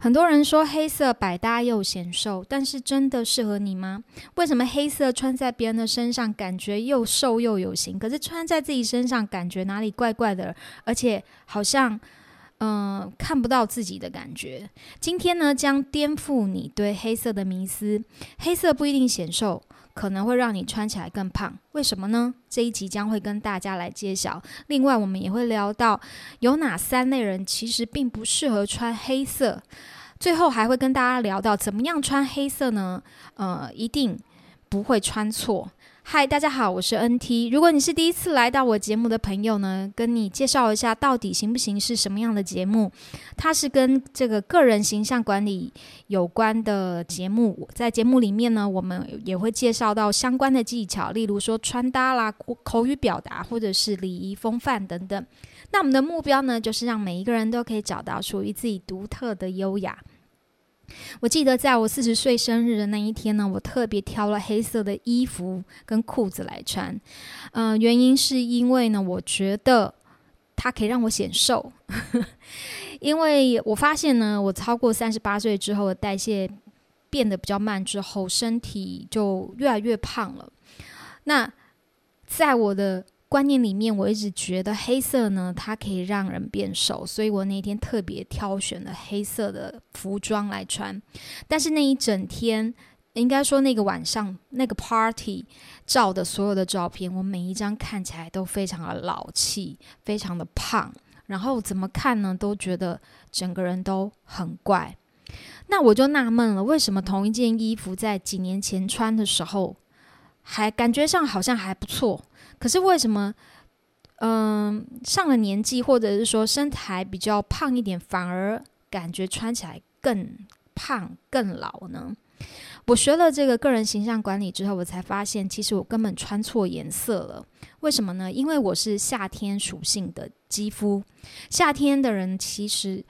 很多人說黑色百搭又顯瘦，但是真的適合你嗎？為什麼黑色穿在別人的身上感覺又瘦又有型，可是穿在自己身上感覺哪裡怪怪的，而且好像嗯、呃、看不到自己的感覺？今天呢，將顛覆你對黑色的迷思，黑色不一定顯瘦。可能會讓你穿起來更胖，為什麼呢？這一集將會跟大家來揭曉。另外，我們也會聊到有哪三類人其實並不適合穿黑色。最後還會跟大家聊到怎麼樣穿黑色呢？呃，一定不會穿錯。嗨，Hi, 大家好，我是 NT。如果你是第一次來到我節目的朋友呢，跟你介紹一下到底行不行是什麼樣的節目。它是跟這個個人形象管理有關的節目。在節目裡面呢，我們也會介紹到相關的技巧，例如說穿搭啦、口語表達或者是禮儀風範等等。那我們的目標呢，就是讓每一個人都可以找到屬於自己獨特的優雅。我記得在我四十歲生日的那一天呢，我特別挑了黑色的衣服跟褲子來穿，嗯、呃，原因是因為呢，我覺得它可以讓我顯瘦， 因為我發現呢，我超過三十八歲之後的代謝變得比較慢，之後身體就越來越胖了。那在我的觀念裡面，我一直覺得黑色呢，它可以讓人變瘦，所以我那天特別挑選了黑色的服裝來穿。但是那一整天，應該說那個晚上那個 party 照的所有的照片，我每一張看起來都非常的老氣，非常的胖，然後怎麼看呢，都覺得整個人都很怪。那我就納悶了，為什麼同一件衣服在幾年前穿的時候，還感覺上好像還不錯，可是為什麼？嗯、呃，上了年紀或者是說身材比較胖一點，反而感覺穿起來更胖，更老呢？我學了這個個人形象管理之後，我才發現其實我根本穿錯顏色了。為什麼呢？因為我是夏天屬性的肌膚，夏天的人其實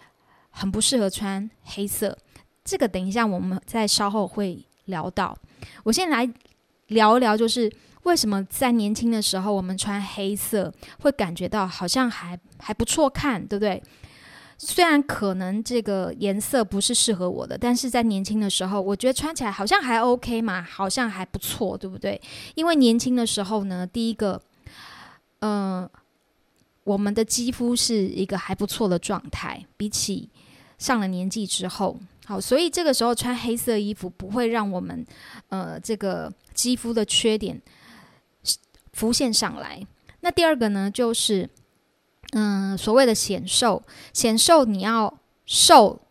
很不適合穿黑色。這個等一下我們再稍後會聊到。我先來。聊一聊，就是為什麼在年輕的時候我們穿黑色會感覺到好像還還不錯看，對不對？雖然可能這個顏色不是適合我的，但是在年輕的時候，我覺得穿起來好像還 OK 嘛，好像還不錯，對不對？因為年輕的時候呢，第一個，嗯、呃，我們的肌膚是一個還不錯的狀態，比起上了年紀之後。好，所以這個時候穿黑色衣服不會讓我們，呃，這個肌膚的缺點浮現上來。那第二個呢，就是，嗯、呃，所謂的顯瘦，顯瘦你要瘦，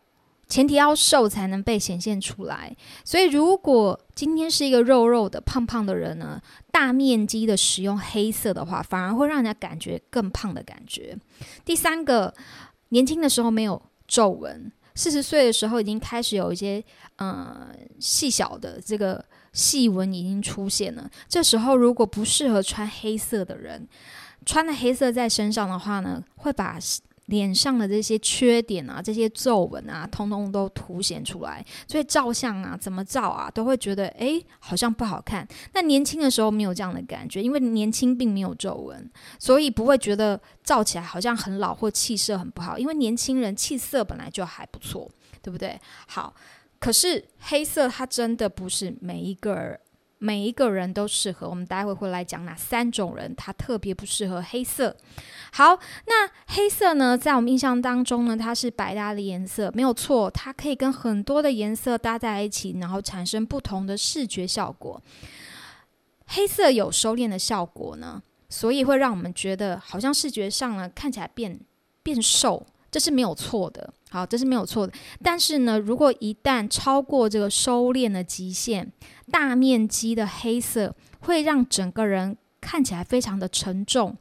前提要瘦才能被顯現出來。所以如果今天是一個肉肉的、胖胖的人呢，大面積的使用黑色的話，反而會讓人家感覺更胖的感覺。第三個，年輕的時候沒有皺紋。四十歲的時候已經開始有一些，嗯，細小的這個細紋已經出現了。這時候如果不適合穿黑色的人，穿的黑色在身上的話呢，會把臉上的這些缺點啊，這些皺紋啊，通通都凸顯出來，所以照相啊，怎麼照啊，都會覺得誒，好像不好看。那年輕的時候沒有這樣的感覺，因為年輕並沒有皺紋，所以不會覺得照起來好像很老或氣色很不好，因為年輕人氣色本來就還不錯，對不對？好，可是黑色它真的不是每一個人。每一個人都適合。我們待會會來講哪三種人，他特別不適合黑色。好，那黑色呢，在我們印象當中呢，它是百搭的顏色，沒有錯。它可以跟很多的顏色搭在一起，然後產生不同的視覺效果。黑色有收斂的效果呢，所以會讓我們覺得好像視覺上呢，看起來變變瘦，這是沒有錯的。好，這是沒有錯的。但是呢，如果一旦超過這個收斂的極限，大面積的黑色會讓整個人看起來非常的沉重，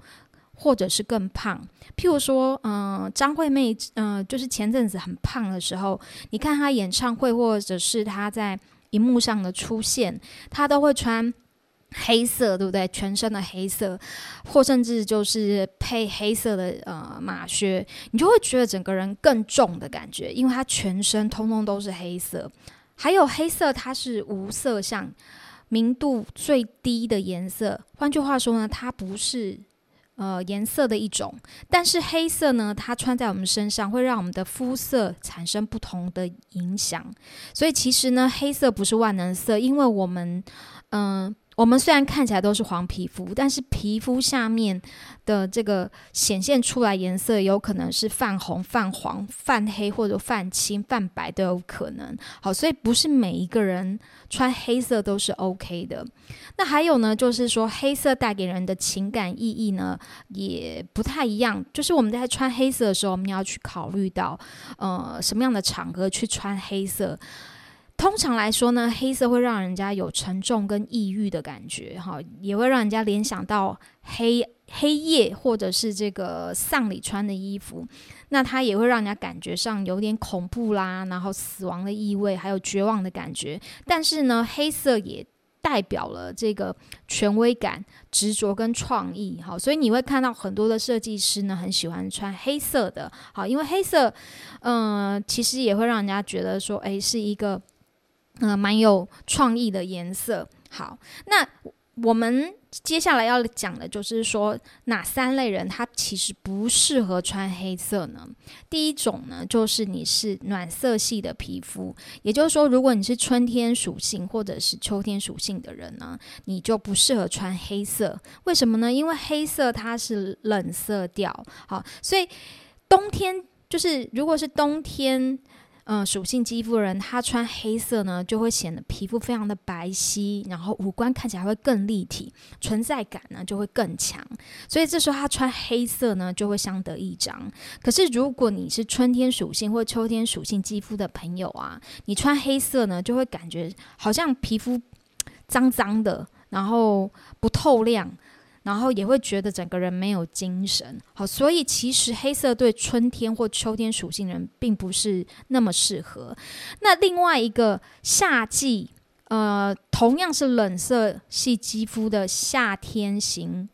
或者是更胖。譬如說，嗯、呃，張惠妹，嗯、呃，就是前陣子很胖的時候，你看她演唱會，或者是她在熒幕上的出現，她都會穿黑色，對不對？全身的黑色，或甚至就是配黑色的呃馬靴，你就會覺得整個人更重的感覺，因為她全身通通都是黑色。還有黑色，它是無色相，明度最低的顏色。換句話說呢，它不是呃顏色的一種。但是黑色呢，它穿在我們身上會讓我們的膚色產生不同的影響。所以其實呢，黑色不是萬能色，因為我們嗯。呃我們雖然看起來都是黃皮膚，但是皮膚下面的這個顯現出來顏色有可能是泛紅、泛黃、泛黑或者泛青、泛白都有可能。好，所以不是每一個人穿黑色都是 OK 的。那還有呢，就是說黑色帶給人的情感意義呢，也不太一樣。就是我們在穿黑色的時候，我們要去考慮到，呃，什麼樣的場合去穿黑色。通常來說呢，黑色會讓人家有沉重跟抑鬱的感覺，哈，也會讓人家聯想到黑黑夜或者是這個喪禮穿的衣服，那它也會讓人家感覺上有點恐怖啦，然後死亡的意味，還有絕望的感覺。但是呢，黑色也代表了這個權威感、執着跟創意，哈，所以你會看到很多的設計師呢很喜歡穿黑色的，好，因為黑色，嗯、呃，其實也會讓人家覺得說，哎、欸，是一個。呃，蠻有創意的顏色。好，那我們接下來要講的就是說，哪三類人他其實不適合穿黑色呢？第一種呢，就是你是暖色系的皮膚，也就是說，如果你是春天屬性或者是秋天屬性的人呢，你就不適合穿黑色。為什麼呢？因為黑色它是冷色調，好，所以冬天就是如果是冬天。嗯，屬性肌膚的人，他穿黑色呢，就會顯得皮膚非常的白皙，然後五官看起來會更立體，存在感呢就會更強。所以這時候他穿黑色呢，就會相得益彰。可是如果你是春天屬性或秋天屬性肌膚的朋友啊，你穿黑色呢，就會感覺好像皮膚髒髒的，然後不透亮。然後也會覺得整個人沒有精神，好，所以其實黑色對春天或秋天屬性的人並不是那麼適合。那另外一個夏季，呃，同樣是冷色系肌膚的夏天型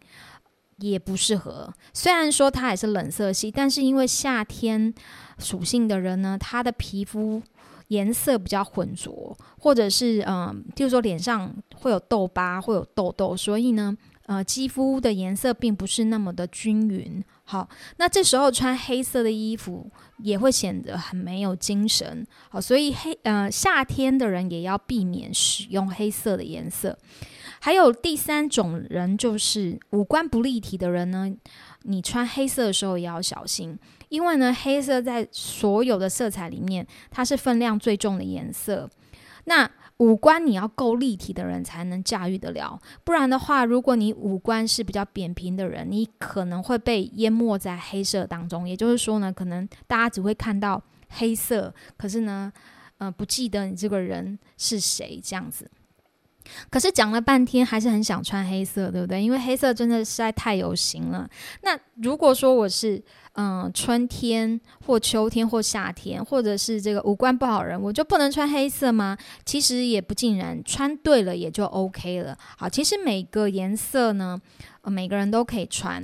也不適合。雖然說它也是冷色系，但是因為夏天屬性的人呢，他的皮膚顏色比較渾濁，或者是嗯，就是說臉上會有痘疤，會有痘痘，所以呢。呃，肌膚的顏色並不是那麼的均勻。好，那這時候穿黑色的衣服也會顯得很沒有精神。好，所以黑呃，夏天的人也要避免使用黑色的顏色。還有第三種人就是五官不立體的人呢，你穿黑色的時候也要小心，因為呢，黑色在所有的色彩裡面，它是分量最重的顏色。那五官你要夠立體的人才能駕馭得了，不然的話，如果你五官是比較扁平的人，你可能會被淹沒在黑色當中，也就是說呢，可能大家只會看到黑色，可是呢，呃，不記得你這個人是誰這樣子。可是講了半天，還是很想穿黑色，對不對？因為黑色真的實在太有型了。那如果說我是嗯、呃、春天或秋天或夏天，或者是這個五官不好人，我就不能穿黑色嗎？其實也不盡然，穿對了也就 OK 了。好，其實每個顏色呢，呃、每個人都可以穿，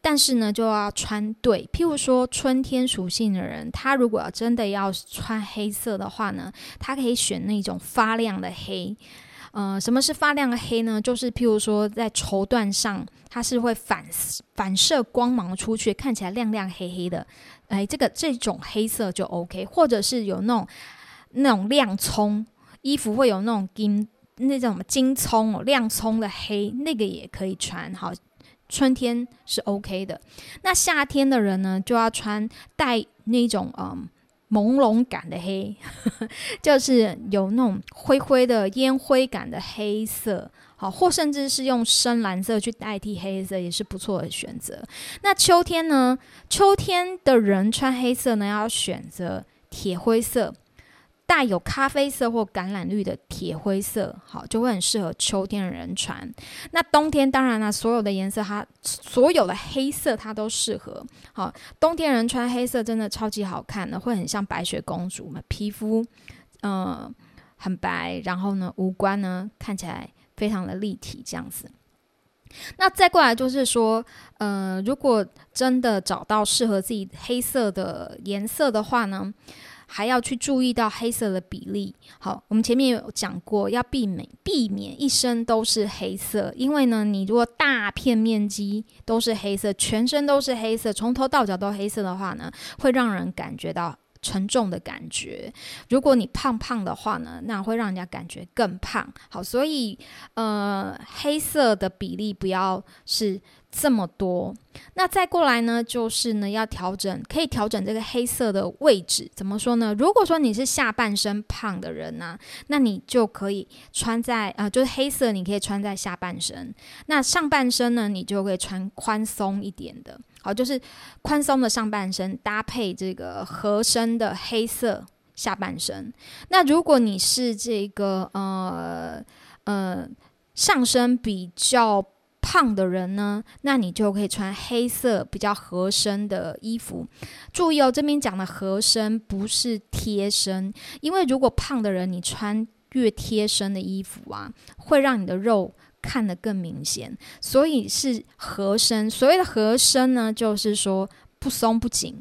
但是呢就要穿對。譬如說春天屬性的人，他如果真的要穿黑色的話呢，他可以選那種發亮的黑。呃，什麼是發亮的黑呢？就是譬如說，在綢緞上，它是會反反射光芒出去，看起來亮亮黑黑的。哎，這個這種黑色就 OK，或者是有那種那種亮蔥衣服，會有那種金那種金蔥亮蔥的黑，那個也可以穿。好，春天是 OK 的。那夏天的人呢，就要穿帶那種嗯。朦朧感的黑，呵呵，就是有那種灰灰的煙灰感的黑色，好，或甚至是用深藍色去代替黑色，也是不錯的選擇。那秋天呢？秋天的人穿黑色呢，要選擇鐵灰色。帶有咖啡色或橄欖綠的鐵灰色，好，就會很適合秋天的人穿。那冬天當然了、啊，所有的顏色它所有的黑色它都適合。好，冬天人穿黑色真的超級好看的，會很像白雪公主嘛，皮膚嗯、呃、很白，然後呢五官呢看起來非常的立體，這樣子。那再過來就是說，嗯、呃，如果真的找到適合自己黑色的顏色的話呢，還要去注意到黑色的比例。好，我們前面有講過，要避免避免一身都是黑色，因為呢，你如果大片面積都是黑色，全身都是黑色，從頭到腳都黑色的話呢，會讓人感覺到沉重的感覺。如果你胖胖的話呢，那會讓人家感覺更胖。好，所以呃，黑色的比例不要是。這麼多，那再過來呢，就是呢要調整，可以調整這個黑色的位置。怎麼說呢？如果說你是下半身胖的人呢、啊，那你就可以穿在啊、呃，就是黑色，你可以穿在下半身。那上半身呢，你就可以穿寬鬆一點的，好，就是寬鬆的上半身搭配這個合身的黑色下半身。那如果你是這個呃呃上身比較胖的人呢，那你就可以穿黑色比較合身的衣服。注意哦，這邊講的合身不是貼身，因為如果胖的人你穿越貼身的衣服啊，會讓你的肉看得更明顯。所以是合身，所謂的合身呢，就是說不鬆不緊，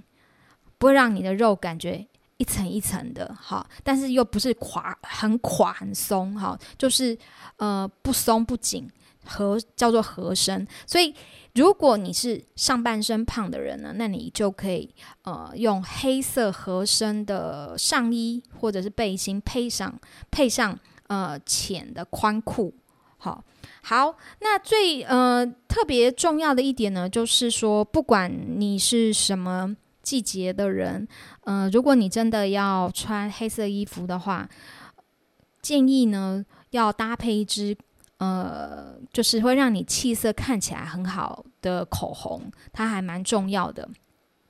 不會讓你的肉感覺一層一層的哈。但是又不是垮，很垮很鬆哈，就是呃，不鬆不緊。合叫做合身，所以如果你是上半身胖的人呢，那你就可以呃用黑色合身的上衣或者是背心配，配上配上呃淺的寬褲。好，好，那最呃特別重要的一點呢，就是說不管你是什麼季節的人，呃如果你真的要穿黑色衣服的話，建議呢要搭配一只。呃，就是會讓你氣色看起來很好的口紅，它還蠻重要的。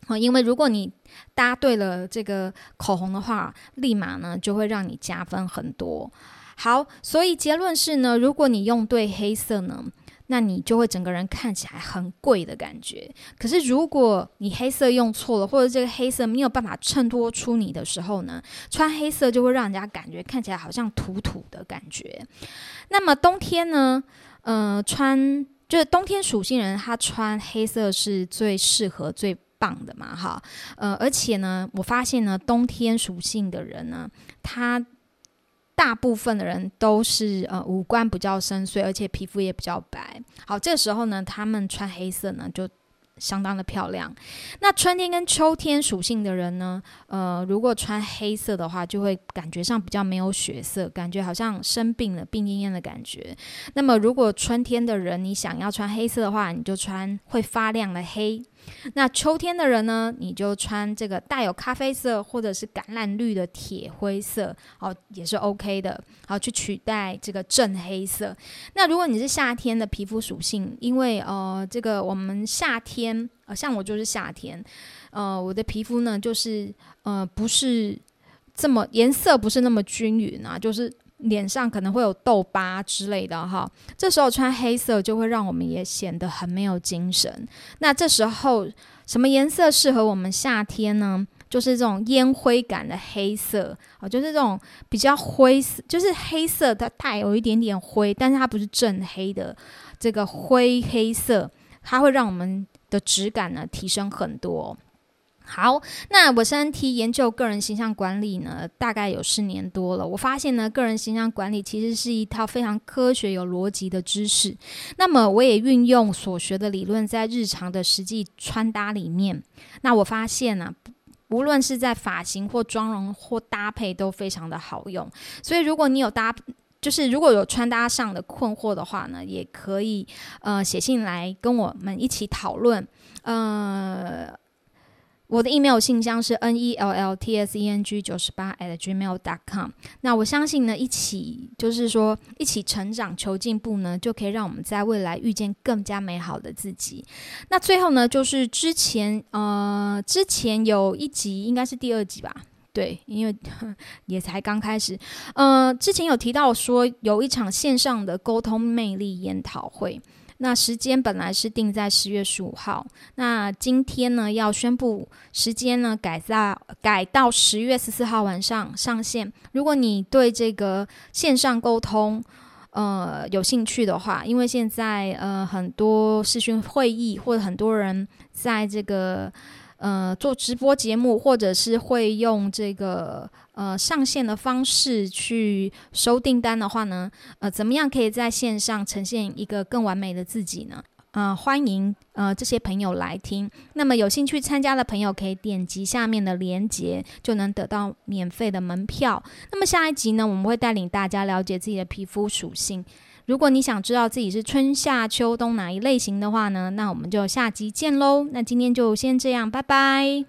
啊，因為如果你搭對了這個口紅的話，立馬呢就會讓你加分很多。好，所以結論是呢，如果你用對黑色呢，那你就會整個人看起來很貴的感覺。可是如果你黑色用錯了，或者這個黑色沒有辦法襯托出你的時候呢，穿黑色就會讓人家感覺看起來好像土土的感覺。那麼冬天呢，呃，穿就是冬天屬性人他穿黑色是最適合、最棒的嘛，哈。呃，而且呢，我發現呢，冬天屬性的人呢，他。大部分的人都是呃五官比較深邃，而且皮膚也比較白。好，這時候呢，他們穿黑色呢就相當的漂亮。那春天跟秋天屬性的人呢，呃，如果穿黑色的話，就會感覺上比較沒有血色，感覺好像生病了，病懨懨的感覺。那麼，如果春天的人你想要穿黑色的話，你就穿會發亮的黑。那秋天的人呢，你就穿這個帶有咖啡色或者是橄欖綠的鐵灰色哦，也是 OK 的，好，去取代這個正黑色。那如果你是夏天的皮膚屬性，因為呃，這個我們夏天，呃，像我就是夏天，呃，我的皮膚呢就是呃不是這麼顏色不是那麼均勻啊，就是。臉上可能會有痘疤之類的哈，這時候穿黑色就會讓我們也顯得很沒有精神。那這時候什麼顏色適合我們夏天呢？就是這種煙灰感的黑色哦，就是這種比較灰色，就是黑色它帶有一點點灰，但是它不是正黑的，這個灰黑色它會讓我們的質感呢提升很多。好，那我身體研究個人形象管理呢，大概有四年多了。我發現呢，個人形象管理其實是一套非常科學有邏輯的知識。那麼，我也運用所學的理論，在日常的實際穿搭裡面，那我發現呢不，無論是在髮型或妝容或搭配都非常的好用。所以，如果你有搭，就是如果有穿搭上的困惑的話呢，也可以呃寫信來跟我們一起討論，呃。我的 email 信箱是 n e l l t s e n g 九十八 at gmail.com。那我相信呢，一起就是說，一起成長求進步呢，就可以讓我們在未來遇見更加美好的自己。那最後呢，就是之前呃，之前有一集，應該是第二集吧？對，因為也才剛開始。呃，之前有提到說有一場線上的溝通魅力研討會。那時間本來是定在十月十五號，那今天呢要宣布時間呢改在改到十月十四號晚上上線。如果你對這個線上溝通，呃有興趣的話，因為現在呃很多視訊會議或者很多人在這個。呃，做直播節目，或者是會用這個呃上線的方式去收訂單的話呢，呃，怎麼樣可以在線上呈現一個更完美的自己呢？呃，歡迎呃這些朋友來聽。那麼有興趣參加的朋友可以點擊下面的鏈接，就能得到免費的門票。那麼下一集呢，我們會帶領大家了解自己的皮膚屬性。如果你想知道自己是春夏秋冬哪一類型的話呢，那我們就下集見嘍。那今天就先這樣，拜拜。